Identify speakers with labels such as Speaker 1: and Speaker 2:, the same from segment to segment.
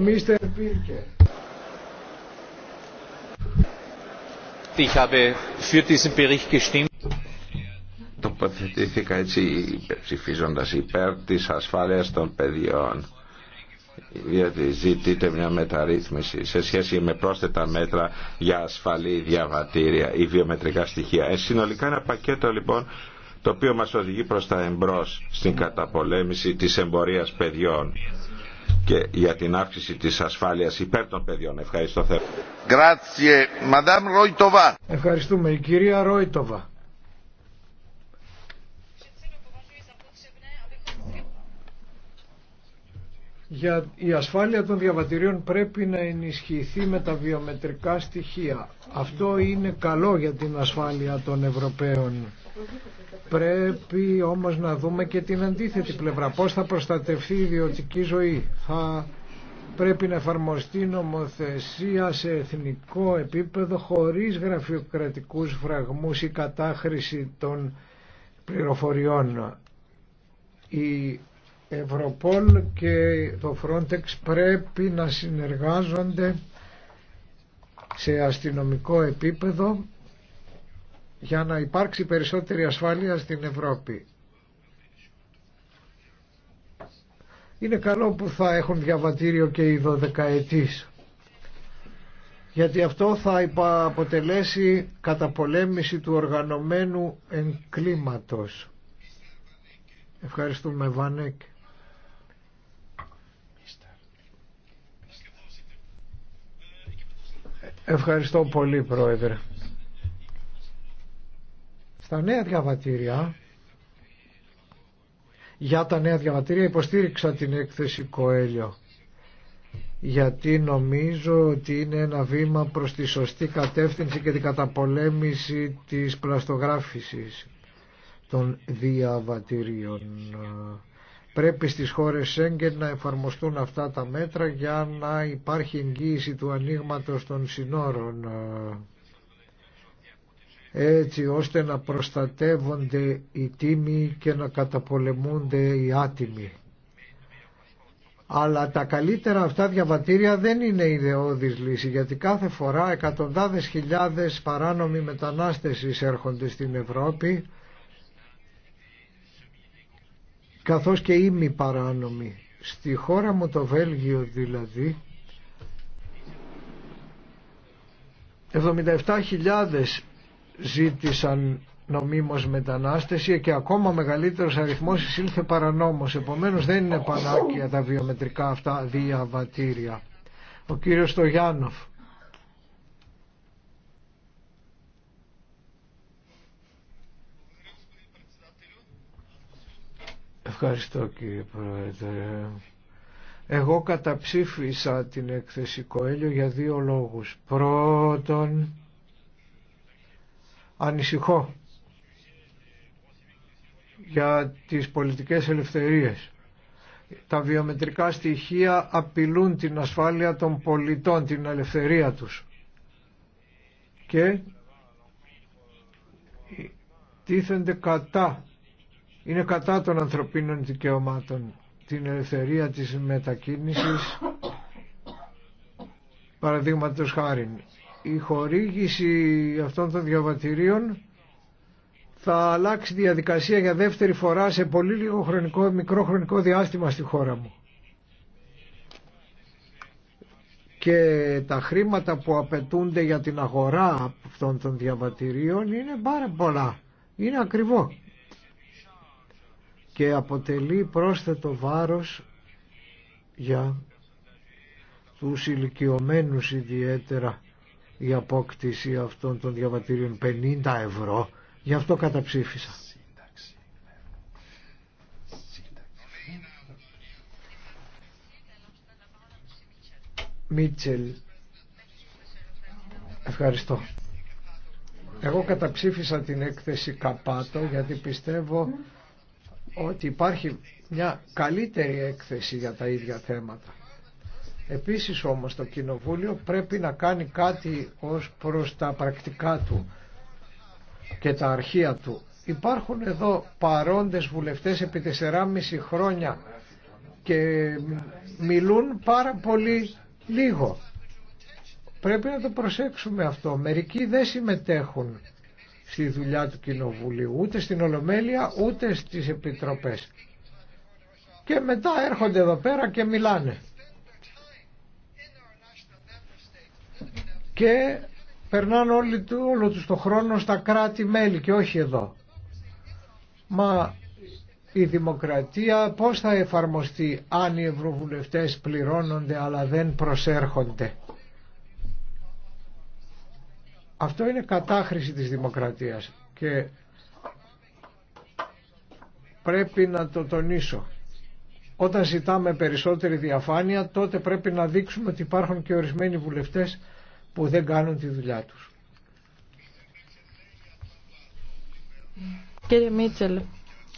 Speaker 1: Mr. Ich habe für diesen Bericht gestimmt.
Speaker 2: Τοποθετήθηκα έτσι ψηφίζοντα υπέρ τη ασφάλεια των παιδιών. Διότι ζητείται μια μεταρρύθμιση σε σχέση με πρόσθετα μέτρα για ασφαλή διαβατήρια ή βιομετρικά στοιχεία. Ε, συνολικά ένα πακέτο λοιπόν το οποίο μα οδηγεί προ τα εμπρό στην καταπολέμηση τη εμπορία παιδιών και για την αύξηση της ασφάλειας υπέρ των παιδιών. Ευχαριστώ
Speaker 1: Ευχαριστούμε. Η κυρία Ρόιτοβα. Για η ασφάλεια των διαβατηρίων πρέπει να ενισχυθεί με τα βιομετρικά στοιχεία. Αυτό είναι καλό για την ασφάλεια των Ευρωπαίων Πρέπει όμως να δούμε και την αντίθετη πλευρά. Πώς θα προστατευτεί η ιδιωτική ζωή. Θα πρέπει να εφαρμοστεί νομοθεσία σε εθνικό επίπεδο χωρίς γραφειοκρατικούς φραγμούς ή κατάχρηση των πληροφοριών. Η Ευρωπόλ και το Frontex πρέπει να συνεργάζονται σε αστυνομικό επίπεδο για να υπάρξει περισσότερη ασφάλεια στην Ευρώπη. Είναι καλό που θα έχουν διαβατήριο και οι δωδεκαετής γιατί αυτό θα αποτελέσει καταπολέμηση του οργανωμένου εγκλήματος. Ευχαριστούμε Βάνεκ. Ευχαριστώ πολύ Πρόεδρε. Στα νέα διαβατήρια, για τα νέα διαβατήρια υποστήριξα την έκθεση Κοέλιο γιατί νομίζω ότι είναι ένα βήμα προς τη σωστή κατεύθυνση και την καταπολέμηση της πλαστογράφησης των διαβατηρίων. Πρέπει στις χώρες Σέγγεν να εφαρμοστούν αυτά τα μέτρα για να υπάρχει εγγύηση του ανοίγματο των συνόρων έτσι ώστε να προστατεύονται οι τίμοι και να καταπολεμούνται οι άτιμοι. Αλλά τα καλύτερα αυτά διαβατήρια δεν είναι ιδεώδης λύση γιατί κάθε φορά εκατοντάδες χιλιάδες παράνομοι μετανάστες εισέρχονται στην Ευρώπη καθώς και ήμοι παράνομοι. Στη χώρα μου το Βέλγιο δηλαδή 77.000 ζήτησαν νομίμως μετανάστευση και ακόμα μεγαλύτερος αριθμός εισήλθε παρανόμως. Επομένως δεν είναι πανάκια τα βιομετρικά αυτά διαβατήρια. Ο κύριος Στογιάννοφ. Ευχαριστώ κύριε Πρόεδρε. Εγώ καταψήφισα την έκθεση Κοέλιο για δύο λόγους. Πρώτον, Ανησυχώ για τις πολιτικές ελευθερίες. Τα βιομετρικά στοιχεία απειλούν την ασφάλεια των πολιτών, την ελευθερία τους. Και τίθενται κατά, είναι κατά των ανθρωπίνων δικαιωμάτων, την ελευθερία της μετακίνησης, παραδείγματος χάρη η χορήγηση αυτών των διαβατηρίων θα αλλάξει διαδικασία για δεύτερη φορά σε πολύ λίγο χρονικό, μικρό χρονικό διάστημα στη χώρα μου. Και τα χρήματα που απαιτούνται για την αγορά αυτών των διαβατηρίων είναι πάρα πολλά. Είναι ακριβό. Και αποτελεί πρόσθετο βάρος για τους ηλικιωμένους ιδιαίτερα η απόκτηση αυτών των διαβατηρίων 50 ευρώ. Γι' αυτό καταψήφισα. Μίτσελ. Ευχαριστώ. Εγώ καταψήφισα την έκθεση Καπάτο γιατί πιστεύω ότι υπάρχει μια καλύτερη έκθεση για τα ίδια θέματα. Επίσης όμως το Κοινοβούλιο πρέπει να κάνει κάτι ως προς τα πρακτικά του και τα αρχεία του. Υπάρχουν εδώ παρόντες βουλευτές επί 4,5 χρόνια και μιλούν πάρα πολύ λίγο. Πρέπει να το προσέξουμε αυτό. Μερικοί δεν συμμετέχουν στη δουλειά του Κοινοβουλίου, ούτε στην Ολομέλεια, ούτε στις Επιτροπές. Και μετά έρχονται εδώ πέρα και μιλάνε. και περνάνε του, όλο τους το χρόνο στα κράτη-μέλη και όχι εδώ. Μα η δημοκρατία πώς θα εφαρμοστεί αν οι ευρωβουλευτές πληρώνονται αλλά δεν προσέρχονται. Αυτό είναι κατάχρηση της δημοκρατίας και πρέπει να το τονίσω. Όταν ζητάμε περισσότερη διαφάνεια τότε πρέπει να δείξουμε ότι υπάρχουν και ορισμένοι βουλευτές που δεν κάνουν τη δουλειά τους.
Speaker 3: Κύριε Μίτσελ,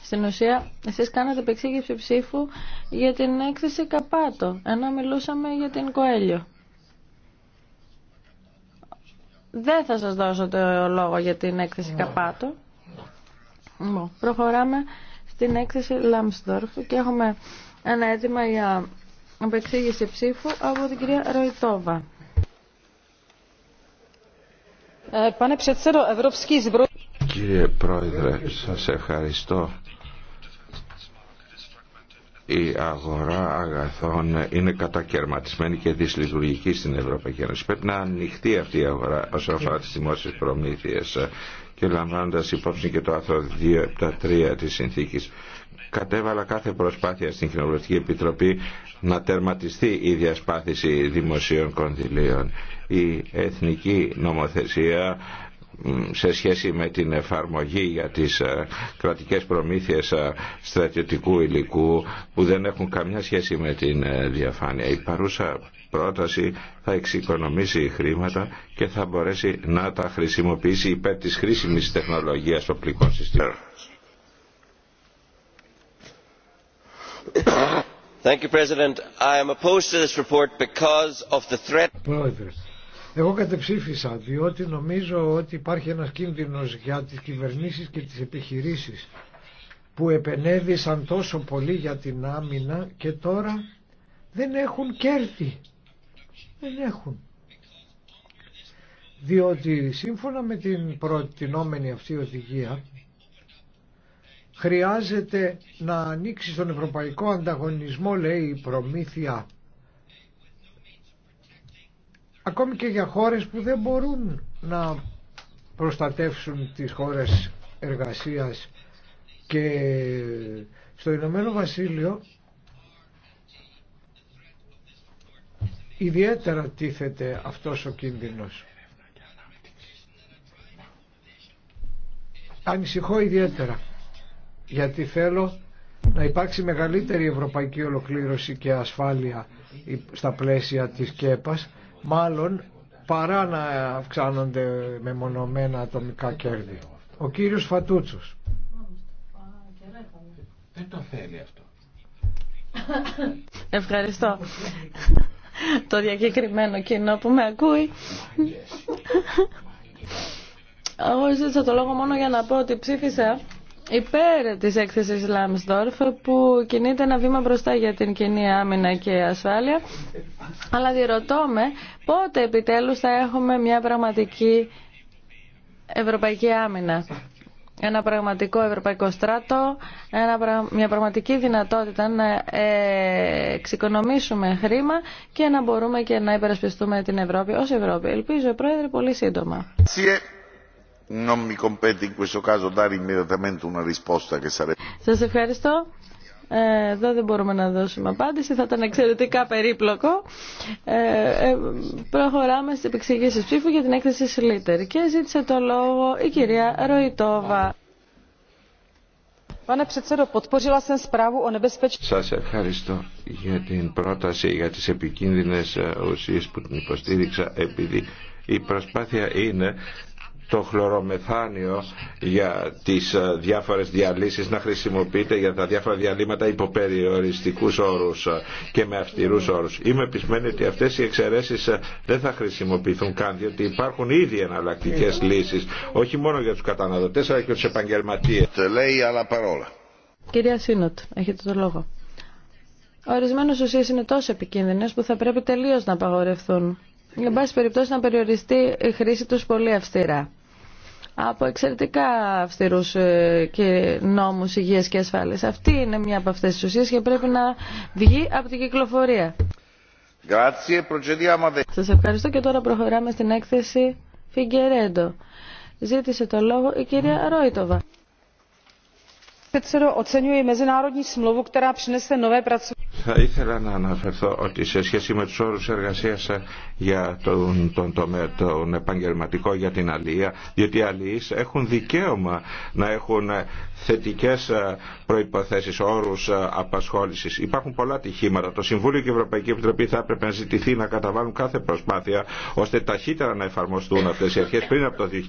Speaker 3: στην ουσία εσείς κάνατε επεξήγηση ψήφου για την έκθεση Καπάτο, ενώ μιλούσαμε για την Κοέλιο. Δεν θα σας δώσω το λόγο για την έκθεση Καπάτο. Προχωράμε στην έκθεση Λάμστορφ και έχουμε ένα αίτημα για επεξήγηση ψήφου από την κυρία Ροϊτόβα.
Speaker 2: Κύριε Πρόεδρε, σας ευχαριστώ. Η αγορά αγαθών είναι κατακαιρματισμένη και δυσλειτουργική στην Ευρωπαϊκή Ένωση. Πρέπει να ανοιχτεί αυτή η αγορά όσον αφορά τις δημόσιες προμήθειες και λαμβάνοντας υπόψη και το άρθρο 3 της συνθήκης κατέβαλα κάθε προσπάθεια στην Κοινοβουλευτική Επιτροπή να τερματιστεί η διασπάθηση δημοσίων κονδυλίων η εθνική νομοθεσία σε σχέση με την εφαρμογή για τις ε, κρατικές προμήθειες ε, στρατιωτικού υλικού που δεν έχουν καμιά σχέση με την ε, διαφάνεια. Η παρούσα πρόταση θα εξοικονομήσει χρήματα και θα μπορέσει να τα χρησιμοποιήσει υπέρ της χρήσιμης τεχνολογίας οπλικών συστήματων.
Speaker 3: Thank you, President. opposed report
Speaker 1: εγώ κατεψήφισα διότι νομίζω ότι υπάρχει ένας κίνδυνος για τις κυβερνήσεις και τις επιχειρήσεις που επενέβησαν τόσο πολύ για την άμυνα και τώρα δεν έχουν κέρδη. Δεν έχουν. Διότι σύμφωνα με την προτινόμενη αυτή οδηγία χρειάζεται να ανοίξει στον ευρωπαϊκό ανταγωνισμό λέει η προμήθεια ακόμη και για χώρες που δεν μπορούν να προστατεύσουν τις χώρες εργασίας και στο Ηνωμένο Βασίλειο ιδιαίτερα τίθεται αυτός ο κίνδυνος. Ανησυχώ ιδιαίτερα γιατί θέλω να υπάρξει μεγαλύτερη ευρωπαϊκή ολοκλήρωση και ασφάλεια στα πλαίσια της ΚΕΠΑΣ μάλλον παρά να αυξάνονται με μονομένα ατομικά κέρδη. Ο κύριος Φατούτσος.
Speaker 2: Δεν το θέλει αυτό.
Speaker 3: Ευχαριστώ. το διακεκριμένο κοινό που με ακούει. Εγώ ζήτησα το λόγο μόνο για να πω ότι ψήφισα υπέρ της έκθεσης Λάμσδορφ που κινείται ένα βήμα μπροστά για την κοινή άμυνα και ασφάλεια αλλά διερωτώ πότε επιτέλους θα έχουμε μια πραγματική ευρωπαϊκή άμυνα ένα πραγματικό ευρωπαϊκό στράτο, ένα, μια πραγματική δυνατότητα να εξοικονομήσουμε χρήμα και να μπορούμε και να υπερασπιστούμε την Ευρώπη ως Ευρώπη. Ελπίζω, Πρόεδρε, πολύ σύντομα. Σας ευχαριστώ. Ε, εδώ δεν μπορούμε να δώσουμε απάντηση, θα ήταν εξαιρετικά περίπλοκο. Ε, ε, προχωράμε στις επεξηγήσεις ψήφου για την έκθεση Σλίτερ και ζήτησε το λόγο η κυρία Ροϊτόβα. Σας
Speaker 2: ευχαριστώ για την πρόταση για τις επικίνδυνες ε, ουσίες που την υποστήριξα επειδή η προσπάθεια είναι το χλωρομεθάνιο για τις ε, διάφορες διαλύσεις να χρησιμοποιείται για τα διάφορα διαλύματα υπό περιοριστικούς όρους ε, και με αυστηρούς όρους. Είμαι επισμένη ότι αυτές οι εξαιρέσεις ε, δεν θα χρησιμοποιηθούν καν διότι υπάρχουν ήδη εναλλακτικέ λύσεις όχι μόνο για τους καταναλωτές αλλά και τους επαγγελματίες.
Speaker 3: Κυρία Σίνοτ, έχετε το λόγο. Ορισμένες ουσίες είναι τόσο επικίνδυνες που θα πρέπει τελείως να απαγορευτούν. Εν πάση περιπτώσει να περιοριστεί η χρήση τους πολύ αυστηρά από εξαιρετικά αυστηρού ε, και νόμους υγείας και ασφάλεια. Αυτή είναι μια από αυτέ τι ουσίες και πρέπει να βγει από την κυκλοφορία. Σα ευχαριστώ και τώρα προχωράμε στην έκθεση Φιγκερέντο. Ζήτησε το λόγο η κυρία Ρόιτοβα. Θα
Speaker 2: ήθελα να αναφερθώ ότι σε σχέση με τους όρους εργασίας ε, για τον, τομέα, τον επαγγελματικό για την αλληλεία, διότι οι αλληλείς έχουν δικαίωμα να έχουν ε, θετικές ε, προϋποθέσεις, όρους απασχόλησης. Υπάρχουν πολλά τυχήματα. Το Συμβούλιο και η Ευρωπαϊκή Επιτροπή θα έπρεπε να ζητηθεί να καταβάλουν κάθε προσπάθεια ώστε ταχύτερα να εφαρμοστούν αυτές οι αρχές πριν από το 2012.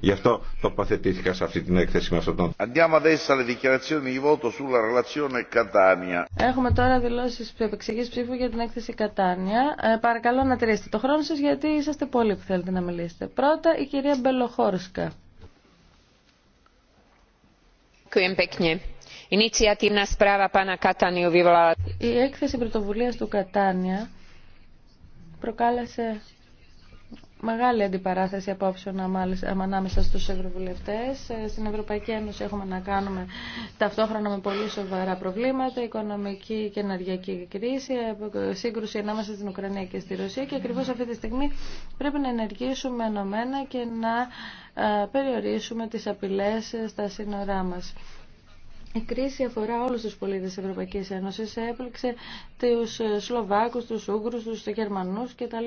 Speaker 2: Γι' αυτό τοποθετήθηκα σε αυτή την έκθεση με αυτόν τον
Speaker 3: Έχουμε τώρα δηλώσει επεξηγή ψήφου για την έκθεση Κατάνια. Ε, παρακαλώ να τηρήσετε το χρόνο σα, γιατί είσαστε πολλοί που θέλετε να μιλήσετε. Πρώτα, η κυρία Μπελοχόρσκα. Η έκθεση πρωτοβουλία του Κατάνια προκάλεσε μεγάλη αντιπαράθεση απόψεων ανάμεσα στου ευρωβουλευτέ. Ε, στην Ευρωπαϊκή Ένωση έχουμε να κάνουμε ταυτόχρονα με πολύ σοβαρά προβλήματα, οικονομική και ενεργειακή κρίση, ε, σύγκρουση ανάμεσα στην Ουκρανία και στη Ρωσία και ακριβώ αυτή τη στιγμή πρέπει να ενεργήσουμε ενωμένα και να ε, περιορίσουμε τι απειλέ στα σύνορά μα. Η κρίση αφορά όλους τους πολίτες της Ευρωπαϊκής Ένωσης, έπληξε τους Σλοβάκους, τους Ούγγρους, τους Γερμανούς κτλ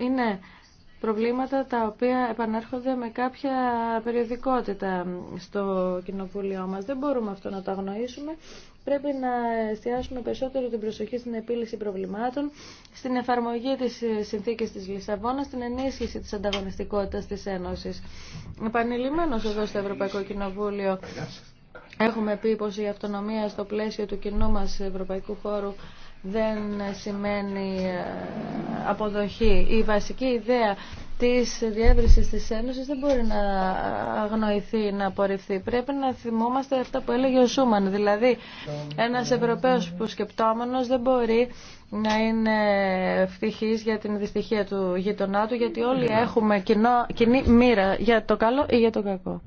Speaker 3: είναι προβλήματα τα οποία επανέρχονται με κάποια περιοδικότητα στο κοινοβούλιο μας. Δεν μπορούμε αυτό να το αγνοήσουμε. Πρέπει να εστιάσουμε περισσότερο την προσοχή στην επίλυση προβλημάτων, στην εφαρμογή της συνθήκης της Λισαβόνας, στην ενίσχυση της ανταγωνιστικότητας της Ένωσης. Επανειλημμένος εδώ στο Ευρωπαϊκό Κοινοβούλιο Έχουμε πει πως η αυτονομία στο πλαίσιο του κοινού μας ευρωπαϊκού χώρου δεν σημαίνει ε, αποδοχή. Η βασική ιδέα της διεύρυνσης της Ένωσης δεν μπορεί να αγνοηθεί, να απορριφθεί. Πρέπει να θυμόμαστε αυτά που έλεγε ο Σούμαν. Δηλαδή, ένας Ευρωπαίος που σκεπτόμενος δεν μπορεί να είναι ευτυχής για την δυστυχία του γειτονά του, γιατί όλοι ναι. έχουμε κοινό, κοινή μοίρα για το καλό ή για το κακό.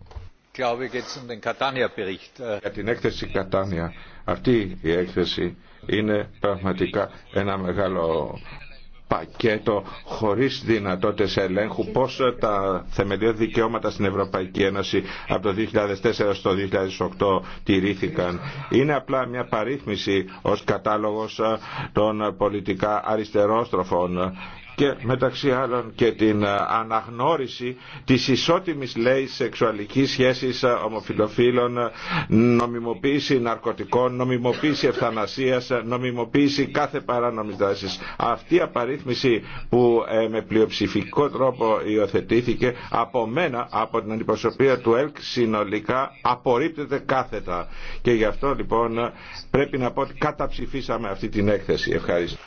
Speaker 2: Um Για την έκθεση Κατάνια. Αυτή η έκθεση είναι πραγματικά ένα μεγάλο πακέτο χωρίς δυνατότητες ελέγχου πώς τα θεμελιώδη δικαιώματα στην Ευρωπαϊκή Ένωση από το 2004 στο 2008 τηρήθηκαν. Είναι απλά μια παρήθμιση ως κατάλογος των πολιτικά αριστερόστροφων και μεταξύ άλλων και την ε, αναγνώριση της ισότιμης λέει σεξουαλικής σχέσης ε, ομοφιλοφίλων, νομιμοποίηση ναρκωτικών, νομιμοποίηση ευθανασίας, ε, νομιμοποίηση κάθε παράνομης δράσης. Αυτή η απαρίθμηση που με πλειοψηφικό τρόπο υιοθετήθηκε από μένα, από την αντιπροσωπεία του ΕΛΚ συνολικά απορρίπτεται κάθετα. Και γι' αυτό λοιπόν πρέπει να πω ότι καταψηφίσαμε αυτή την έκθεση. Ευχαριστώ.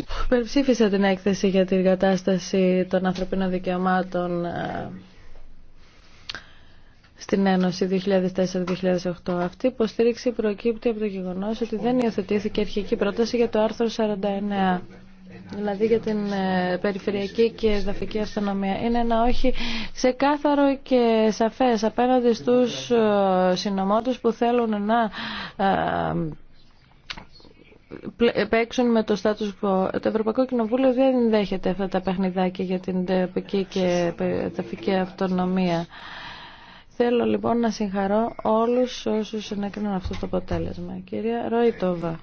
Speaker 3: Υπερψήφισα την έκθεση για την κατάσταση των ανθρωπίνων δικαιωμάτων στην Ένωση 2004-2008. Αυτή η υποστήριξη προκύπτει από το γεγονός ότι δεν υιοθετήθηκε αρχική πρόταση για το άρθρο 49 δηλαδή για την ε, περιφερειακή και εδαφική αυτονομία. Είναι ένα όχι κάθαρο και σαφές απέναντι στους ε, συνομότους που θέλουν να ε, παίξουν με το στάτους που Το Ευρωπαϊκό Κοινοβούλιο δεν δέχεται αυτά τα παιχνιδάκια για την τοπική και ταφική αυτονομία. Θέλω λοιπόν να συγχαρώ όλους όσους ενέκριναν αυτό το αποτέλεσμα. Κυρία Ροϊτόβα.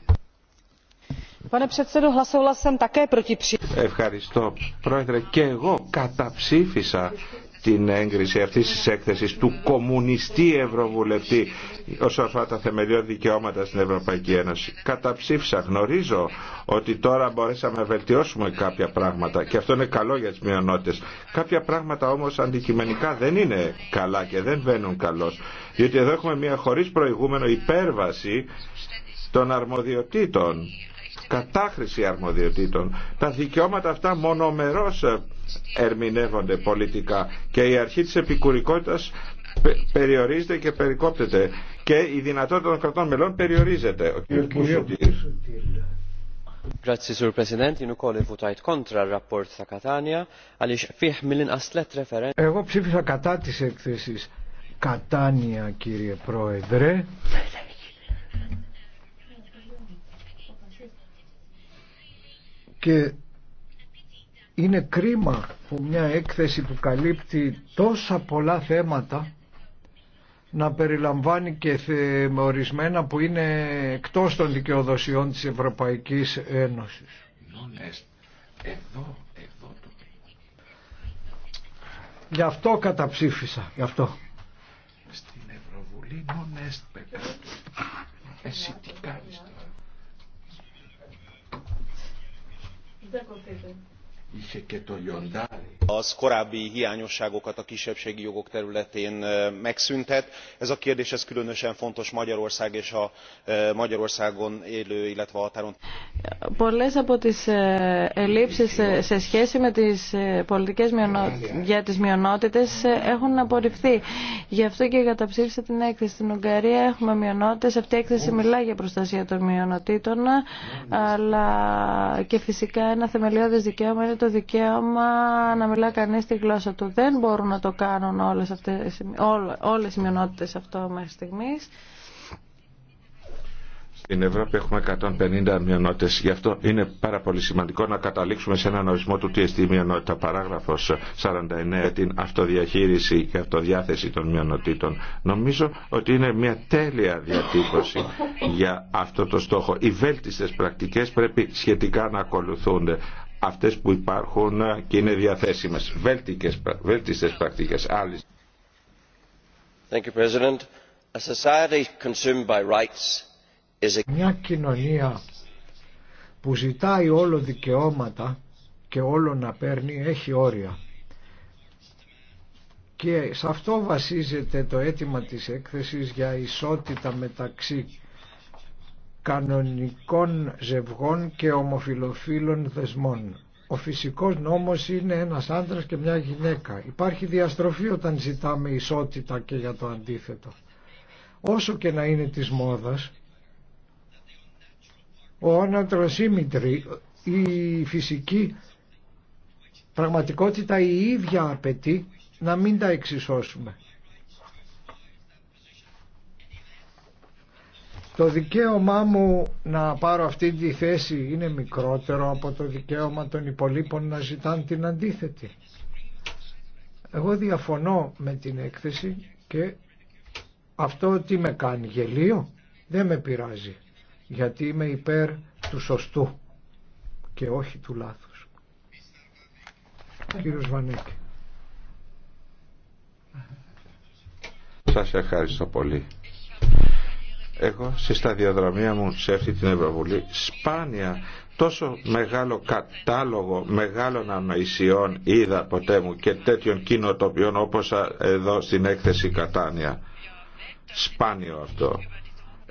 Speaker 2: Ευχαριστώ. Πρόεδρε, και εγώ καταψήφισα την έγκριση αυτής της έκθεσης του κομμουνιστή ευρωβουλευτή όσον αφορά τα θεμελιώδη δικαιώματα στην Ευρωπαϊκή Ένωση. Καταψήφισα, γνωρίζω ότι τώρα μπορέσαμε να βελτιώσουμε κάποια πράγματα και αυτό είναι καλό για τις μειονότητες. Κάποια πράγματα όμως αντικειμενικά δεν είναι καλά και δεν βαίνουν καλώς. Διότι εδώ έχουμε μια χωρίς προηγούμενο υπέρβαση των αρμοδιοτήτων κατάχρηση αρμοδιοτήτων. Τα δικαιώματα αυτά μονομερώς ε, ερμηνεύονται πολιτικά και η αρχή της επικουρικότητας περιορίζεται και περικόπτεται και η δυνατότητα των κρατών μελών περιορίζεται.
Speaker 3: Εγώ
Speaker 1: ψήφισα κατά της έκθεσης Κατάνια κύριε Πρόεδρε Και είναι κρίμα που μια έκθεση που καλύπτει τόσα πολλά θέματα να περιλαμβάνει και ορισμένα που είναι εκτός των δικαιοδοσιών της Ευρωπαϊκής Ένωσης.
Speaker 2: Εδώ, εδώ το
Speaker 1: Γι' αυτό καταψήφισα, γι' αυτό.
Speaker 2: Στην Ευρωβουλή έστ, παιδιά, τι
Speaker 3: Δεν κοπείτε. Πολλέ από τις ε, ελλείψεις ε, σε σχέση με τις ε, πολιτικές μειονότητες, για τις μειονότητες έχουν απορριφθεί. Γι' αυτό και καταψήφισα την έκθεση στην Ουγγαρία. Έχουμε μειονότητες. Αυτή η έκθεση μιλά για προστασία των μειονοτήτων, αλλά και φυσικά ένα θεμελιώδες δικαίωμα είναι το δικαίωμα να μιλά κανείς τη γλώσσα του. Δεν μπορούν να το κάνουν όλες, αυτές, όλες οι μειονότητες αυτό μέχρι στιγμής.
Speaker 2: Στην Ευρώπη έχουμε 150 μειονότητε. Γι' αυτό είναι πάρα πολύ σημαντικό να καταλήξουμε σε έναν ορισμό του τι εστί μειονότητα. Παράγραφο 49, την αυτοδιαχείριση και αυτοδιάθεση των μειονοτήτων. Νομίζω ότι είναι μια τέλεια διατύπωση για αυτό το στόχο. Οι βέλτιστε πρακτικέ πρέπει σχετικά να ακολουθούνται αυτές που υπάρχουν ε, και είναι διαθέσιμες. Βέλτικες, βέλτιστες πρακτικές.
Speaker 3: Thank you, President. A society consumed by rights is a... Μια κοινωνία
Speaker 1: που ζητάει όλο δικαιώματα και όλο να παίρνει έχει όρια. Και σε αυτό βασίζεται το αίτημα της έκθεσης για ισότητα μεταξύ κανονικών ζευγών και ομοφιλοφίλων δεσμών. Ο φυσικός νόμος είναι ένας άντρας και μια γυναίκα. Υπάρχει διαστροφή όταν ζητάμε ισότητα και για το αντίθετο. Όσο και να είναι της μόδας, ο ανατροσίμητρη, η φυσική πραγματικότητα η ίδια απαιτεί να μην τα εξισώσουμε. Το δικαίωμά μου να πάρω αυτή τη θέση είναι μικρότερο από το δικαίωμα των υπολείπων να ζητάνε την αντίθετη. Εγώ διαφωνώ με την έκθεση και αυτό τι με κάνει γελίο δεν με πειράζει γιατί είμαι υπέρ του σωστού και όχι του λάθους. Κύριος Βανέκη.
Speaker 2: Σας ευχαριστώ πολύ. Εγώ σε σταδιοδρομία μου σε αυτή την Ευρωβουλή σπάνια τόσο μεγάλο κατάλογο μεγάλων ανοησιών είδα ποτέ μου και τέτοιων κοινοτοπιών όπως εδώ στην έκθεση Κατάνια. Σπάνιο αυτό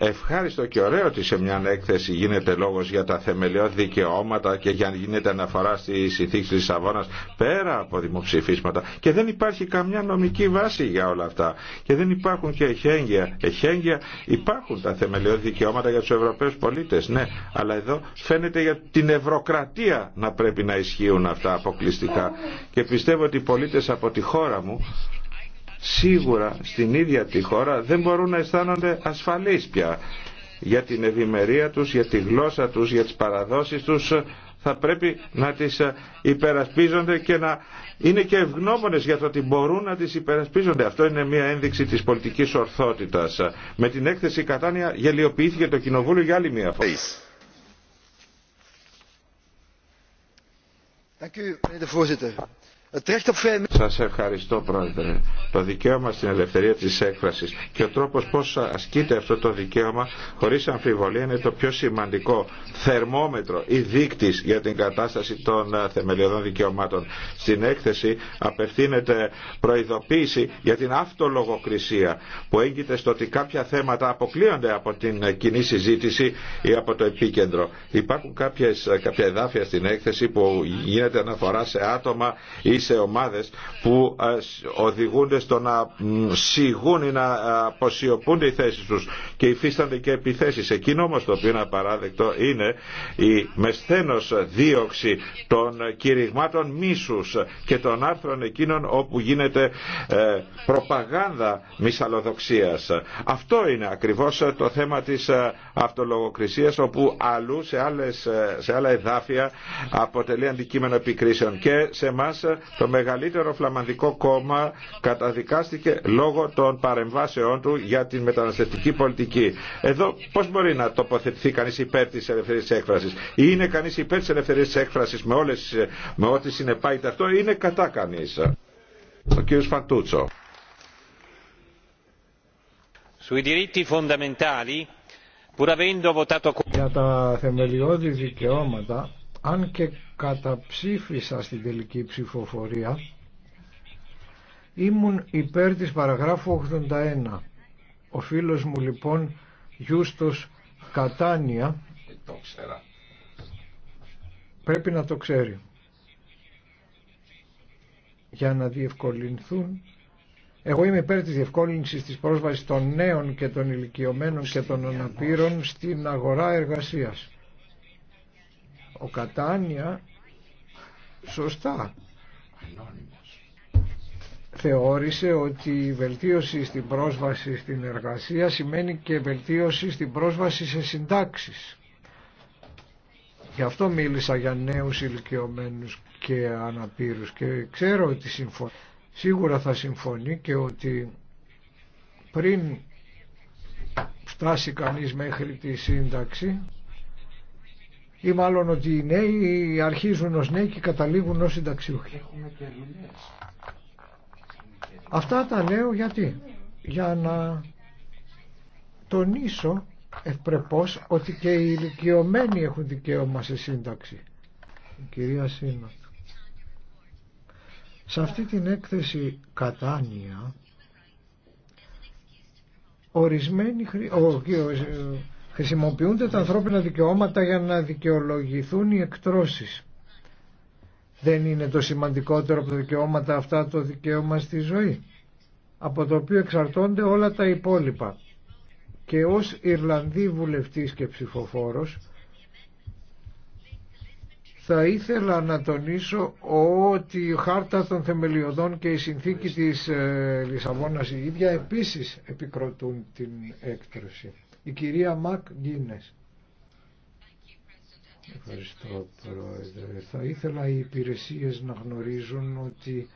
Speaker 2: ευχάριστο και ωραίο ότι σε μια έκθεση γίνεται λόγος για τα θεμελιώδη δικαιώματα και για γίνεται αναφορά στη συνθήκη της Λισαβόνας πέρα από δημοψηφίσματα και δεν υπάρχει καμιά νομική βάση για όλα αυτά και δεν υπάρχουν και εχέγγυα. Εχέγγυα υπάρχουν τα θεμελιώδη δικαιώματα για τους Ευρωπαίους πολίτες, ναι, αλλά εδώ φαίνεται για την ευρωκρατία να πρέπει να ισχύουν αυτά αποκλειστικά και πιστεύω ότι οι πολίτες από τη χώρα μου σίγουρα στην ίδια τη χώρα δεν μπορούν να αισθάνονται ασφαλείς πια για την ευημερία τους, για τη γλώσσα τους, για τις παραδόσεις τους θα πρέπει να τις ε, υπερασπίζονται και να είναι και ευγνώμονες για το ότι μπορούν να τις υπερασπίζονται. Αυτό είναι μια ένδειξη της πολιτικής ορθότητας. Με την έκθεση Κατάνια γελιοποιήθηκε το Κοινοβούλιο για άλλη μια φορά. Σας ευχαριστώ πρόεδρε. Το δικαίωμα στην ελευθερία της έκφρασης και ο τρόπος πώς ασκείται αυτό το δικαίωμα χωρίς αμφιβολία είναι το πιο σημαντικό θερμόμετρο ή δείκτης για την κατάσταση των ε, θεμελιωδών δικαιωμάτων. Στην έκθεση απευθύνεται προειδοποίηση για την αυτολογοκρισία που έγκυται στο ότι κάποια θέματα αποκλείονται από την κοινή συζήτηση ή από το επίκεντρο. Υπάρχουν ε, κάποια εδάφια στην έκθεση που γίνεται αναφορά σε άτομα σε ομάδες που ε, οδηγούνται στο να σιγούν ή να ε, αποσιωπούνται οι θέσεις τους και υφίστανται και επιθέσεις. Εκείνο όμως το οποίο είναι απαράδεκτο είναι η μεσθένος δίωξη των κηρυγμάτων μίσους και των άρθρων εκείνων όπου γίνεται ε, προπαγάνδα μυσαλλοδοξίας. Αυτό είναι ακριβώς το θέμα της αυτολογοκρισίας όπου αλλού σε, άλλα εδάφια αποτελεί αντικείμενο επικρίσεων και σε εμάς το μεγαλύτερο φλαμανδικό κόμμα καταδικάστηκε λόγω των παρεμβάσεών του για την μεταναστευτική πολιτική. Εδώ πώς μπορεί να τοποθετηθεί κανείς υπέρ της ελευθερίας έκφρασης. Ή είναι κανείς υπέρ της ελευθερίας έκφρασης με, όλες, με ό,τι συνεπάγεται αυτό ή είναι κατά κανείς. Ο κύριος Φαντούτσο.
Speaker 1: για τα θεμελιώδη δικαιώματα, αν και καταψήφισα στην τελική ψηφοφορία ήμουν υπέρ της παραγράφου 81. Ο φίλος μου λοιπόν Γιούστος Κατάνια το πρέπει να το ξέρει για να διευκολυνθούν εγώ είμαι υπέρ της διευκόλυνσης της πρόσβασης των νέων και των ηλικιωμένων και των αναπήρων στην αγορά εργασίας. Ο Κατάνια σωστά θεώρησε ότι η βελτίωση στην πρόσβαση στην εργασία σημαίνει και βελτίωση στην πρόσβαση σε συντάξεις. Γι' αυτό μίλησα για νέους ηλικιωμένους και αναπήρους και ξέρω ότι Σίγουρα θα συμφωνεί και ότι πριν φτάσει κανείς μέχρι τη σύνταξη ή μάλλον ότι οι νέοι αρχίζουν ως νέοι και καταλήγουν ως συνταξιούχοι. Αυτά τα λέω γιατί. Για να τονίσω ευπρεπώς ότι και οι ηλικιωμένοι έχουν δικαίωμα σε σύνταξη. Η κυρία σύνα. Σε αυτή την έκθεση κατάνοια ορισμένοι χρη... Χρησιμοποιούνται τα ανθρώπινα δικαιώματα για να δικαιολογηθούν οι εκτρώσεις. Δεν είναι το σημαντικότερο από τα δικαιώματα αυτά το δικαίωμα στη ζωή, από το οποίο εξαρτώνται όλα τα υπόλοιπα. Και ως Ιρλανδί βουλευτής και ψηφοφόρος, θα ήθελα να τονίσω ότι η Χάρτα των Θεμελιωδών και η Συνθήκη της ε, Λισαβόνας η ίδια επίσης επικροτούν την έκτρωση. Η κυρία Μακ Γκίνες. Ευχαριστώ Πρόεδρε. Θα ήθελα οι υπηρεσίες να γνωρίζουν ότι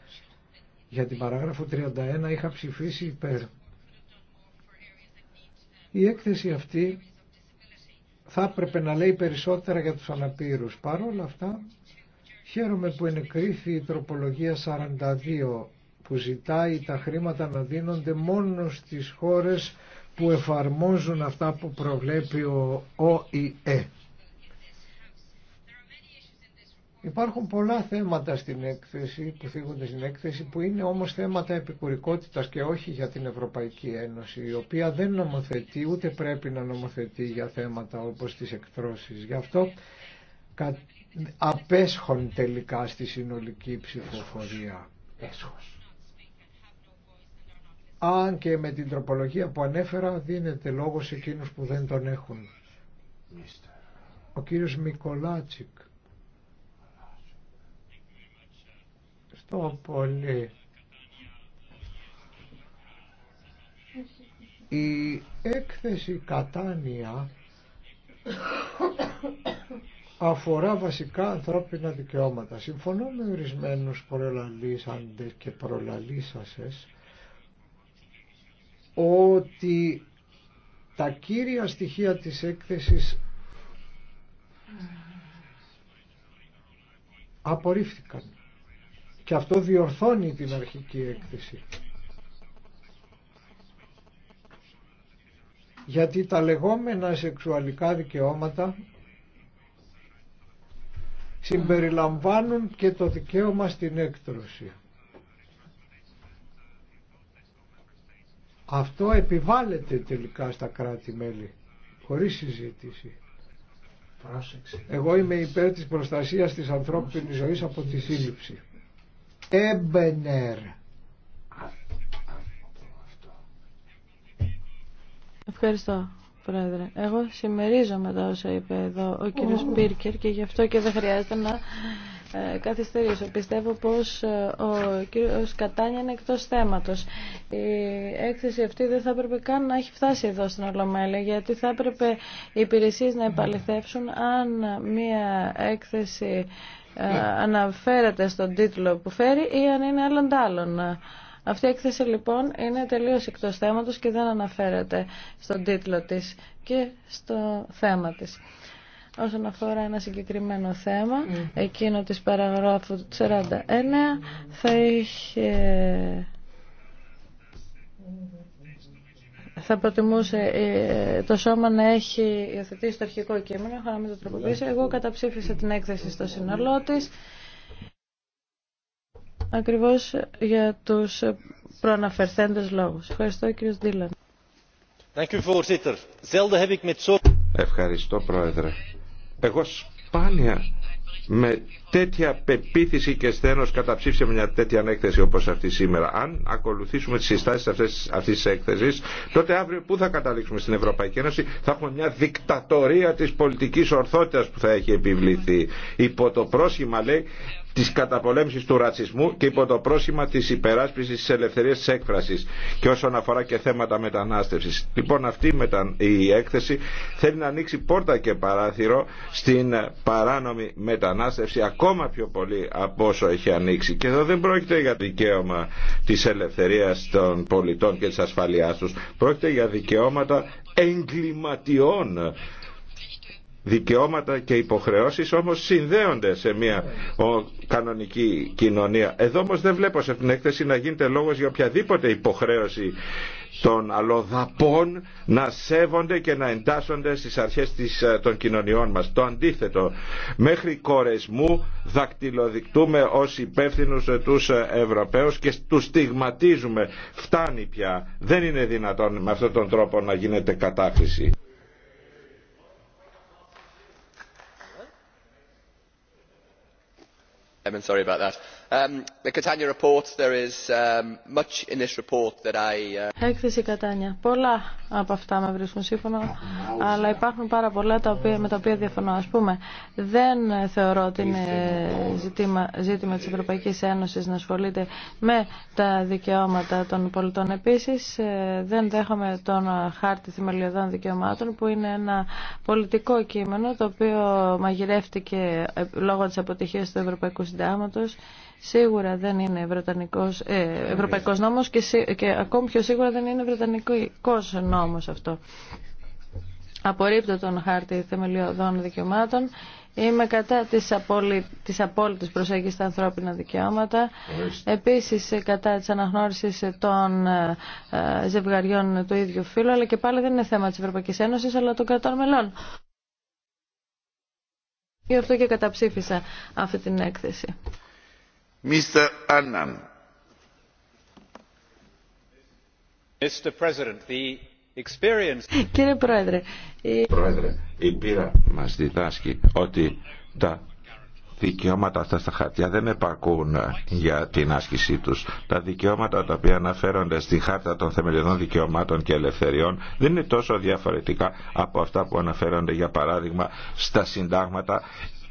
Speaker 1: για την παράγραφο 31 είχα ψηφίσει υπέρ. Η έκθεση αυτή θα έπρεπε να λέει περισσότερα για τους αναπήρους. Παρ' όλα αυτά χαίρομαι που ενεκρίθη η τροπολογία 42 που ζητάει τα χρήματα να δίνονται μόνο στις χώρες που εφαρμόζουν αυτά που προβλέπει ο ΟΗΕ. Υπάρχουν πολλά θέματα στην έκθεση που θίγονται στην έκθεση που είναι όμως θέματα επικουρικότητας και όχι για την Ευρωπαϊκή Ένωση η οποία δεν νομοθετεί ούτε πρέπει να νομοθετεί για θέματα όπως τις εκτρώσεις. Γι' αυτό απέσχον τελικά στη συνολική ψηφοφορία. Έσχος αν και με την τροπολογία που ανέφερα δίνεται λόγο σε εκείνους που δεν τον έχουν. Ο κύριος Μικολάτσικ. Στο πολύ. Η έκθεση Κατάνια αφορά βασικά ανθρώπινα δικαιώματα. Συμφωνώ με ορισμένους προλαλήσαντες και προλαλήσασες ότι τα κύρια στοιχεία της έκθεσης απορρίφθηκαν. Και αυτό διορθώνει την αρχική έκθεση. Γιατί τα λεγόμενα σεξουαλικά δικαιώματα συμπεριλαμβάνουν και το δικαίωμα στην έκτρωση. Αυτό επιβάλλεται τελικά στα κράτη-μέλη, χωρίς συζήτηση. Πρόσεξε. Εγώ είμαι υπέρ της προστασίας της ανθρώπινης ζωής από τη σύλληψη. Έμπενερ.
Speaker 3: Ευχαριστώ. Πρόεδρε. Εγώ συμμερίζομαι τα όσα είπε εδώ ο κύριος Πίρκερ και γι' αυτό και δεν χρειάζεται να ε, καθυστερήσω. Πιστεύω πως ε, ο κύριος Κατάνια είναι εκτός θέματος. Η έκθεση αυτή δεν θα έπρεπε καν να έχει φτάσει εδώ στην Ολομέλεια, γιατί θα έπρεπε οι υπηρεσίες να επαληθεύσουν αν μία έκθεση ε, αναφέρεται στον τίτλο που φέρει ή αν είναι άλλον άλλον. Αυτή η έκθεση λοιπόν είναι τελείως εκτός θέματος και δεν αναφέρεται στον τίτλο της και στο θέμα της όσον αφορά ένα συγκεκριμένο θέμα, mm. εκείνο της παραγράφου 49, θα είχε... Θα προτιμούσε ε, το σώμα να έχει υιοθετήσει το αρχικό κείμενο, να μην το τροποποιήσει. Εγώ καταψήφισα την έκθεση στο σύνολό τη. Ακριβώς για τους προαναφερθέντες λόγους. Ευχαριστώ κύριος Δίλαν.
Speaker 2: Ευχαριστώ πρόεδρε. Εγώ σπάνια με τέτοια πεποίθηση και στένος καταψήφισε μια τέτοια έκθεση όπως αυτή σήμερα. Αν ακολουθήσουμε τις συστάσεις αυτής, αυτής της έκθεσης, τότε αύριο πού θα καταλήξουμε στην Ευρωπαϊκή Ένωση, θα έχουμε μια δικτατορία της πολιτικής ορθότητας που θα έχει επιβληθεί. Υπό το πρόσχημα λέει της καταπολέμησης του ρατσισμού και υπό το πρόσχημα της υπεράσπιση της ελευθερίας της έκφρασης και όσον αφορά και θέματα μετανάστευση. Λοιπόν αυτή η έκθεση θέλει να ανοίξει πόρτα και παράθυρο στην παράνομη μετανάστευση ακόμα πιο πολύ από όσο έχει ανοίξει. Και εδώ δεν πρόκειται για δικαίωμα της ελευθερία των πολιτών και τη ασφαλεία του. Πρόκειται για δικαιώματα εγκληματιών Δικαιώματα και υποχρεώσεις όμως συνδέονται σε μια κανονική κοινωνία. Εδώ όμως δεν βλέπω σε αυτήν την έκθεση να γίνεται λόγος για οποιαδήποτε υποχρέωση των αλλοδαπών να σέβονται και να εντάσσονται στις αρχές της, ε, των κοινωνιών μας. Το αντίθετο, μέχρι κορεσμού δακτυλοδεικτούμε ως υπεύθυνου ε, τους ε, Ευρωπαίους και τους στιγματίζουμε. Φτάνει πια. Δεν είναι δυνατόν με αυτόν τον τρόπο να γίνεται κατάχρηση. sorry about that.
Speaker 3: Έκθεση Κατάνια. Πολλά από αυτά με βρίσκουν σύμφωνα, αλλά υπάρχουν πάρα πολλά τα οποία, με τα οποία διαφωνώ. Α πούμε, δεν θεωρώ ότι είναι ζήτημα, ζήτημα της Ευρωπαϊκής Ένωσης να ασχολείται με τα δικαιώματα των πολιτών. Επίσης, ε, δεν δέχομαι τον χάρτη θεμελιωδών δικαιωμάτων, που είναι ένα πολιτικό κείμενο, το οποίο μαγειρεύτηκε ε, λόγω τη αποτυχία του Ευρωπαϊκού Συντάγματο σίγουρα δεν είναι βρετανικός, ε, ευρωπαϊκός νόμος και, και ακόμη πιο σίγουρα δεν είναι βρετανικός νόμος αυτό. Απορρίπτω τον χάρτη θεμελιωδών δικαιωμάτων. Είμαι κατά της, απόλυ... της απόλυτης προσέγγισης στα ανθρώπινα δικαιώματα. Επίσης ε, κατά της αναγνώρισης ε, των ε, ζευγαριών του ίδιου φύλου, αλλά και πάλι δεν είναι θέμα της Ευρωπαϊκής Ένωσης, αλλά των κρατών μελών. Γι' αυτό και καταψήφισα αυτή την έκθεση. Κύριε Πρόεδρε,
Speaker 2: η... πείρα μας διδάσκει ότι τα δικαιώματα αυτά στα χαρτιά δεν επαρκούν για την άσκησή τους. Τα δικαιώματα τα οποία αναφέρονται στη χάρτα των θεμελιωδών δικαιωμάτων και ελευθεριών δεν είναι τόσο διαφορετικά από αυτά που αναφέρονται για παράδειγμα στα συντάγματα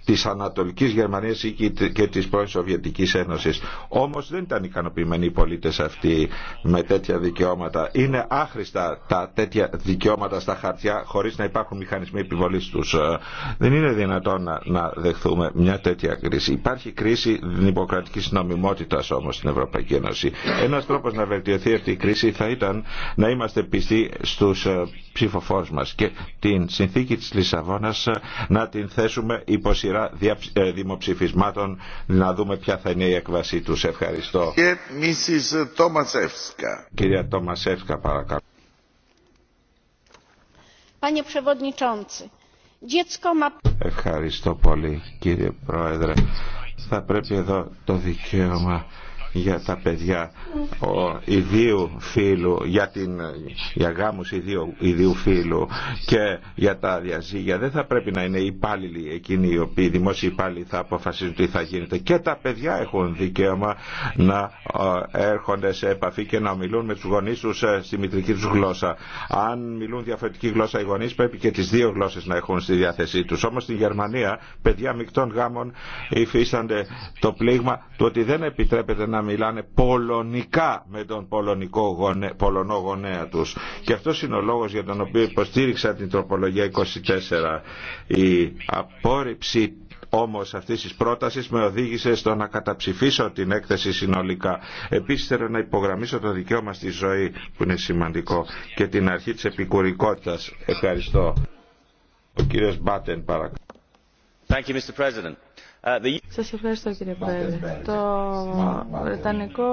Speaker 2: της Ανατολικής Γερμανίας και της πρώην Σοβιετικής Ένωσης. Όμως δεν ήταν ικανοποιημένοι οι πολίτες αυτοί με τέτοια δικαιώματα. Είναι άχρηστα τα τέτοια δικαιώματα στα χαρτιά χωρίς να υπάρχουν μηχανισμοί επιβολής τους. Ε, δεν είναι δυνατόν να, δεχθούμε μια τέτοια κρίση. Υπάρχει κρίση δημοκρατική νομιμότητας όμως στην Ευρωπαϊκή Ένωση. Ένας τρόπος να βελτιωθεί αυτή η κρίση θα ήταν να είμαστε πιστοί στου ε, ψηφοφόρους μα και την συνθήκη τη Λισαβόνα ε, να την θέσουμε υποσυ σειρά ε, δημοψηφισμάτων να δούμε ποια θα είναι η έκβασή Σε Ευχαριστώ. Και Κυρία Τόμασεύσκα παρακαλώ. Ευχαριστώ πολύ κύριε Πρόεδρε. Θα πρέπει εδώ το δικαίωμα για τα παιδιά ο ιδίου φίλου, για, την, για γάμους ιδίου, ιδίου φίλου και για τα διαζύγια δεν θα πρέπει να είναι οι υπάλληλοι εκείνοι οι οποίοι οι δημόσιοι υπάλληλοι θα αποφασίζουν τι θα γίνεται και τα παιδιά έχουν δικαίωμα να ε, έρχονται σε επαφή και να μιλούν με τους γονείς τους ε, στη μητρική τους γλώσσα. Αν μιλούν διαφορετική γλώσσα οι γονείς πρέπει και τις δύο γλώσσες να έχουν στη διάθεσή τους. Όμως στην Γερμανία παιδιά μεικτών γάμων υφίστανται το πλήγμα του ότι δεν επιτρέπεται να μιλάνε πολωνικά με τον πολωνικό γονέ, πολωνό γονέα τους. Και αυτός είναι ο λόγος για τον οποίο υποστήριξα την τροπολογία 24. Η απόρριψη όμως αυτής της πρότασης με οδήγησε στο να καταψηφίσω την έκθεση συνολικά. Επίσης θέλω να υπογραμμίσω το δικαίωμα στη ζωή που είναι σημαντικό και την αρχή της επικουρικότητας. Ευχαριστώ. Ο κύριος Μπάτεν παρακαλώ. Thank you, Mr. President. Ε,
Speaker 3: Σας ευχαριστώ κύριε Πρόεδρε. Το Βρετανικό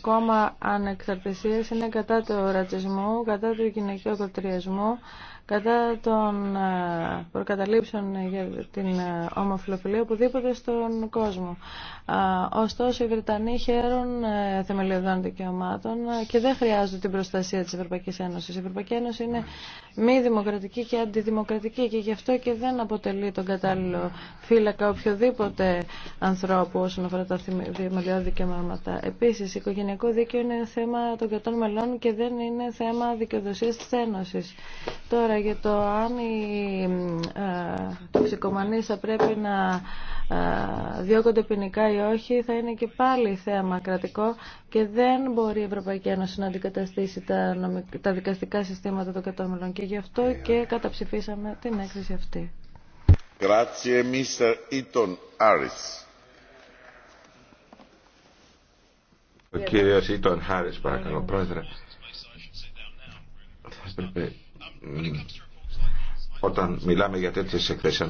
Speaker 3: Κόμμα Ανεξαρτησίας είναι κατά του ρατσισμού, κατά του γυναικείου κοτριασμού, κατά των ε, προκαταλήψεων για την ε, ομοφιλοφιλία οπουδήποτε στον κόσμο. Ωστόσο, οι Βρετανοί χαίρουν ε, θεμελιωδών δικαιωμάτων και δεν χρειάζονται την προστασία της Ευρωπαϊκής Ένωσης. Η Ευρωπαϊκή Ένωση είναι μη δημοκρατική και αντιδημοκρατική και γι' αυτό και δεν αποτελεί τον κατάλληλο φύλακα οποιοδήποτε ανθρώπου όσον αφορά τα θεμελιώδη δικαιώματα. Επίσης, οικογενειακό δίκαιο είναι θέμα των κρατών μελών και δεν είναι θέμα δικαιοδοσίας της Ένωσης. Τώρα, για το αν οι ε, τοξικομανείς θα πρέπει να ε, διώκονται ποινικά ή όχι θα είναι και πάλι θέμα κρατικό και δεν μπορεί η Ευρωπαϊκή Ένωση να αντικαταστήσει τα, τα δικαστικά συστήματα των κατώμελων και γι' αυτό και καταψηφίσαμε την έκθεση αυτή. Ο κύριος
Speaker 2: Ήτον Χάρης, παρακαλώ, πρόεδρε. Θα έπρεπε όταν μιλάμε για τέτοιες εκθέσεις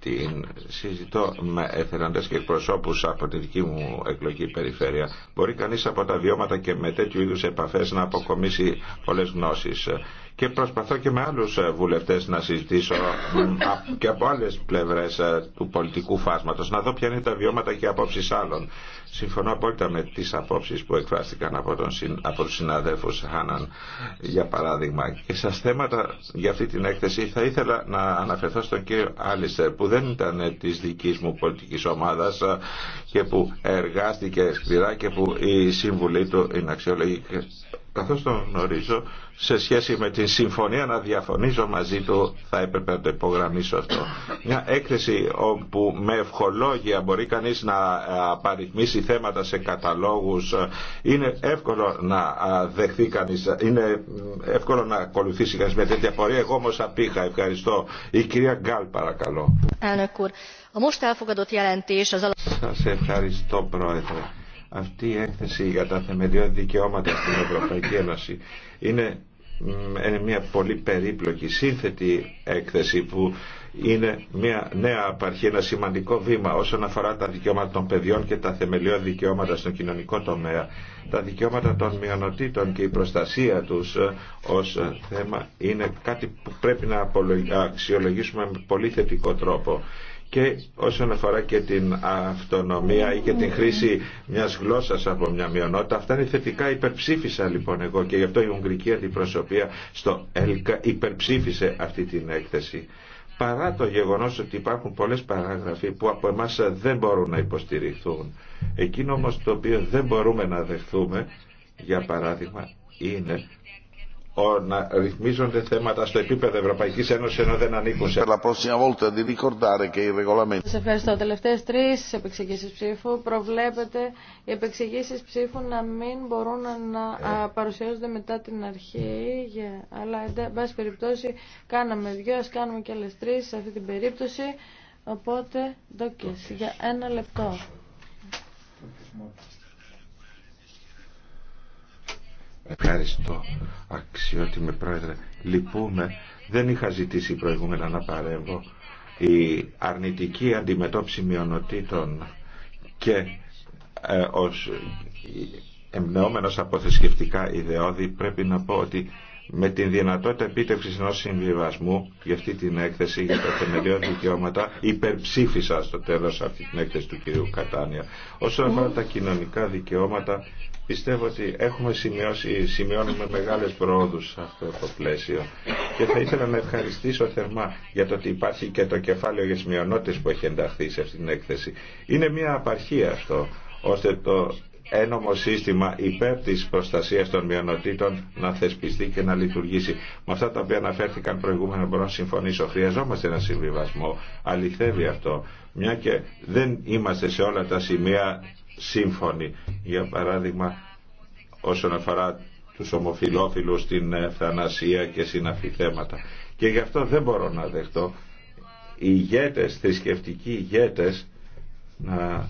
Speaker 2: την συζητώ με εθελοντές και εκπροσώπους από τη δική μου εκλογική περιφέρεια. Μπορεί κανείς από τα βιώματα και με τέτοιου είδους επαφές να αποκομίσει πολλές γνώσεις και προσπαθώ και με άλλους ε, βουλευτές να συζητήσω και από άλλες πλευρές ε, του πολιτικού φάσματος να δω ποια είναι τα βιώματα και απόψεις άλλων. Συμφωνώ απόλυτα με τις απόψεις που εκφράστηκαν από, τον, από τους συναδέλφους Χάναν για παράδειγμα και σας θέματα για αυτή την έκθεση θα ήθελα να αναφερθώ στον κύριο Άλιστερ που δεν ήταν της δικής μου πολιτικής ομάδας ε, και που εργάστηκε σκληρά και που η σύμβουλή του είναι αξιολογική καθώς τον γνωρίζω σε σχέση με την συμφωνία να διαφωνήσω μαζί του, θα έπρεπε να το υπογραμμίσω αυτό. Μια έκθεση όπου με ευχολόγια μπορεί κανείς να ε, απαριθμίσει θέματα σε καταλόγους, ε, είναι εύκολο να ε, δεχθεί κανείς, είναι εύκολο να ακολουθήσει κανείς με τέτοια πορεία. Εγώ όμως απήχα, ευχαριστώ. Η κυρία Γκάλ παρακαλώ. Σας ευχαριστώ πρόεδρε. Αυτή η έκθεση για τα θεμελιώδη δικαιώματα στην Ευρωπαϊκή Ένωση είναι είναι μια πολύ περίπλοκη σύνθετη έκθεση που είναι μια νέα απαρχή, ένα σημαντικό βήμα όσον αφορά τα δικαιώματα των παιδιών και τα θεμελιώδη δικαιώματα στον κοινωνικό τομέα. Τα δικαιώματα των μειονοτήτων και η προστασία τους ε, ως ε, θέμα είναι κάτι που πρέπει να αξιολογήσουμε με πολύ θετικό τρόπο και όσον αφορά και την αυτονομία ή και την χρήση μιας γλώσσας από μια μειονότητα. Αυτά είναι θετικά. Υπερψήφισα λοιπόν εγώ και γι' αυτό η Ουγγρική Αντιπροσωπεία στο ΕΛΚΑ υπερψήφισε αυτή την έκθεση παρά το γεγονός ότι υπάρχουν πολλές παράγραφοι που από εμάς δεν μπορούν να υποστηριχθούν. Εκείνο όμως το οποίο δεν μπορούμε να δεχθούμε, για παράδειγμα, είναι να ρυθμίζονται θέματα στο επίπεδο Ευρωπαϊκής Ένωσης ενώ δεν ανήκουν σε...
Speaker 3: Σας ευχαριστώ. Τελευταίες τρεις επεξηγήσεις ψήφου προβλέπεται οι επεξηγήσεις ψήφου να μην μπορούν να ε. παρουσιάζονται μετά την αρχή αλλά εν πάση περιπτώσει κάναμε δυο, ας κάνουμε και άλλες τρεις σε αυτή την περίπτωση οπότε ντόκες για ένα λεπτό.
Speaker 2: Ευχαριστώ, αξιότιμε πρόεδρε. Λυπούμε, δεν είχα ζητήσει προηγούμενα να παρέμβω. Η αρνητική αντιμετώπιση μειονοτήτων και ε, ως ε, εμπνεόμενος από θρησκευτικά ιδεώδη πρέπει να πω ότι με την δυνατότητα επίτευξης ενός συμβιβασμού για αυτή την έκθεση για τα θεμελιώδη δικαιώματα υπερψήφισα στο τέλος αυτή την έκθεση του κυρίου Κατάνια. Όσον αφορά τα κοινωνικά δικαιώματα πιστεύω ότι έχουμε σημειώσει, σημειώνουμε μεγάλες προόδους σε αυτό το πλαίσιο και θα ήθελα να ευχαριστήσω θερμά για το ότι υπάρχει και το κεφάλαιο για τις που έχει ενταχθεί σε αυτή την έκθεση. Είναι μια απαρχία αυτό ώστε το ένομο σύστημα υπέρ της προστασίας των μειονοτήτων να θεσπιστεί και να λειτουργήσει. Με αυτά τα οποία αναφέρθηκαν προηγούμενα μπορώ να συμφωνήσω. Χρειαζόμαστε ένα συμβιβασμό. Αληθεύει αυτό. Μια και δεν είμαστε σε όλα τα σημεία σύμφωνοι. Για παράδειγμα όσον αφορά τους ομοφιλόφιλους την ευθανασία και συναφή θέματα. Και γι' αυτό δεν μπορώ να δεχτώ οι ηγέτες, θρησκευτικοί ηγέτες να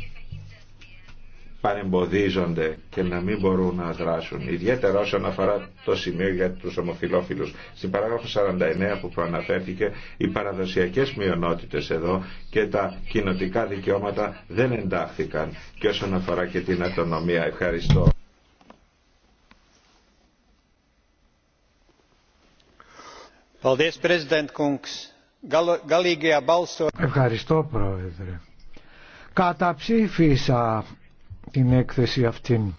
Speaker 2: παρεμποδίζονται και να μην μπορούν να δράσουν. Ιδιαίτερα όσον αφορά το σημείο για τους ομοφιλόφιλους. Στην παράγραφο 49 που προαναφέρθηκε, οι παραδοσιακές μειονότητες εδώ και τα κοινοτικά δικαιώματα δεν εντάχθηκαν. Και όσον αφορά και την ατονομία, ευχαριστώ.
Speaker 1: Ευχαριστώ Πρόεδρε. Καταψήφισα την έκθεση αυτήν.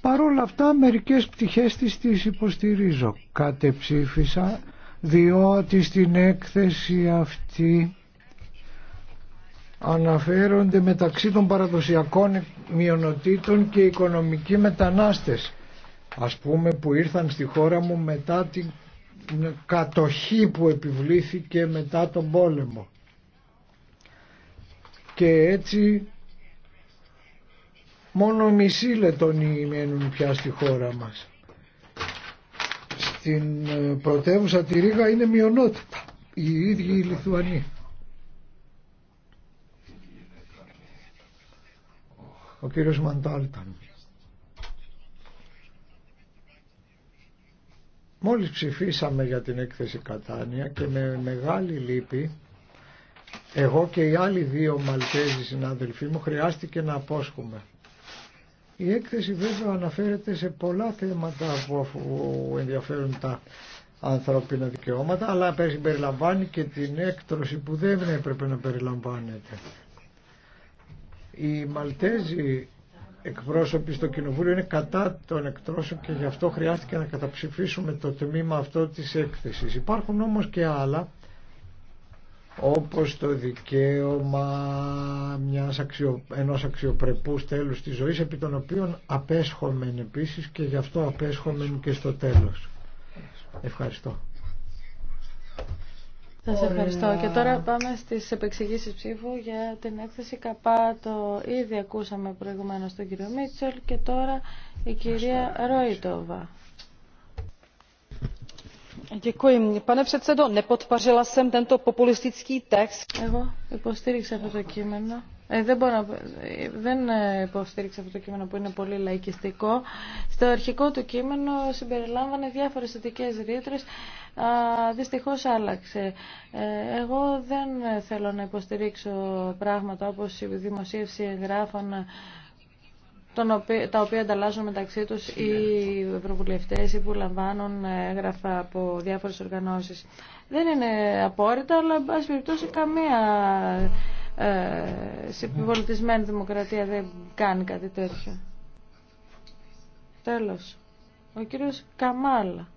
Speaker 1: Παρόλα αυτά μερικές πτυχές της τις υποστηρίζω. Κατεψήφισα διότι στην έκθεση αυτή αναφέρονται μεταξύ των παραδοσιακών μειονοτήτων και οικονομικοί μετανάστες ας πούμε που ήρθαν στη χώρα μου μετά την κατοχή που επιβλήθηκε μετά τον πόλεμο και έτσι Μόνο μισή Λετωνοί μένουν πια στη χώρα μας. Στην ε, πρωτεύουσα τη Ρήγα είναι μειονότητα. Οι ίδιοι οι Λιθουανοί. Ο κύριος Μαντάλταν. Μόλις ψηφίσαμε για την έκθεση Κατάνια και με μεγάλη λύπη εγώ και οι άλλοι δύο Μαλτέζοι συνάδελφοί μου χρειάστηκε να απόσχουμε. Η έκθεση βέβαια αναφέρεται σε πολλά θέματα που ενδιαφέρουν τα ανθρώπινα δικαιώματα αλλά περιλαμβάνει και την έκτρωση που δεν έπρεπε να περιλαμβάνεται. Οι Μαλτέζοι εκπρόσωποι στο Κοινοβούλιο είναι κατά των εκτρώσεων και γι' αυτό χρειάστηκε να καταψηφίσουμε το τμήμα αυτό της έκθεσης. Υπάρχουν όμως και άλλα όπως το δικαίωμα μιας αξιο, ενός αξιοπρεπούς τέλους της ζωής επί των οποίων απέσχομεν επίσης και γι' αυτό απέσχομεν και στο τέλος. Ευχαριστώ.
Speaker 3: Σα ευχαριστώ. Και τώρα πάμε στι επεξηγήσει ψήφου για την έκθεση ΚΑΠΑ. Το ήδη ακούσαμε προηγουμένω τον κύριο Μίτσελ και τώρα η κυρία Ρόιτοβα. Εγώ υποστήριξα αυτό το κείμενο. Ε, δεν, ε, υποστήριξα αυτό το κείμενο που είναι πολύ λαϊκιστικό. Στο αρχικό του κείμενο συμπεριλάμβανε διάφορες θετικές ρήτρες. δυστυχώ δυστυχώς άλλαξε. Ε, εγώ δεν θέλω να υποστηρίξω πράγματα όπως η δημοσίευση εγγράφων τα οποία ανταλλάσσουν μεταξύ τους οι ευρωβουλευτές ή που λαμβάνουν έγγραφα από διάφορες οργανώσεις. Δεν είναι απόρριτα, αλλά εν πάση περιπτώσει καμία ε, συμπολιτισμένη δημοκρατία δεν κάνει κάτι τέτοιο. Τέλος. Ο κύριος Καμάλα.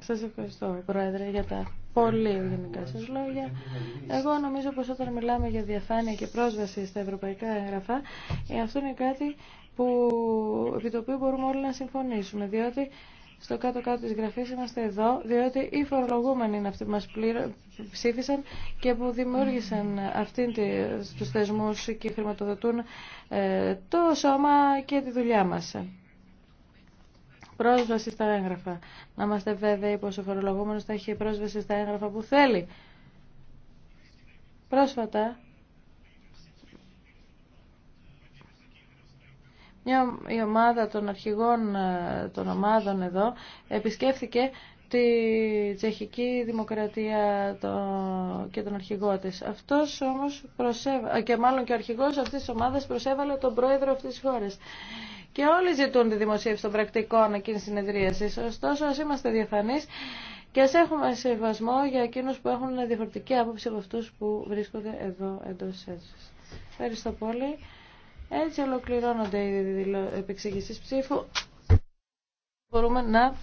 Speaker 3: Σας ευχαριστώ, Πρόεδρε, για τα πολύ γενικά σας λόγια. Εγώ νομίζω πως όταν μιλάμε για διαφάνεια και πρόσβαση στα ευρωπαϊκά έγγραφα, ε, αυτό είναι κάτι που, επί το οποίο μπορούμε όλοι να συμφωνήσουμε, διότι στο κάτω-κάτω της γραφής είμαστε εδώ, διότι οι φορολογούμενοι είναι αυτοί που μας ψήφισαν και που δημιούργησαν αυτήν τους θεσμούς και χρηματοδοτούν ε, το σώμα και τη δουλειά μας πρόσβαση στα έγγραφα. Να είμαστε βέβαιοι πως ο φορολογούμενος θα έχει πρόσβαση στα έγγραφα που θέλει. Πρόσφατα, μια, η ομάδα των αρχηγών ε, των ομάδων εδώ επισκέφθηκε τη τσεχική δημοκρατία το... και τον αρχηγό της. Αυτός όμως προσέβα... Ε, και μάλλον και ο αρχηγός αυτής της ομάδας προσέβαλε τον πρόεδρο αυτής της χώρας και όλοι ζητούν τη δημοσίευση των πρακτικών εκείνης συνεδρίασης. Ωστόσο, ας είμαστε διαφανείς και ας έχουμε σεβασμό για εκείνους που έχουν διαφορετική άποψη από αυτούς που βρίσκονται εδώ εντός έτσι. Ευχαριστώ πολύ. Έτσι ολοκληρώνονται οι επεξηγήσεις ψήφου. Μπορούμε να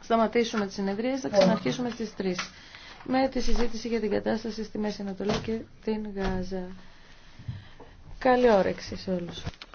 Speaker 3: σταματήσουμε τις συνεδρίες, θα ξαναρχίσουμε στις 3 με τη συζήτηση για την κατάσταση στη Μέση Ανατολή και την Γάζα. Καλή όρεξη σε όλους.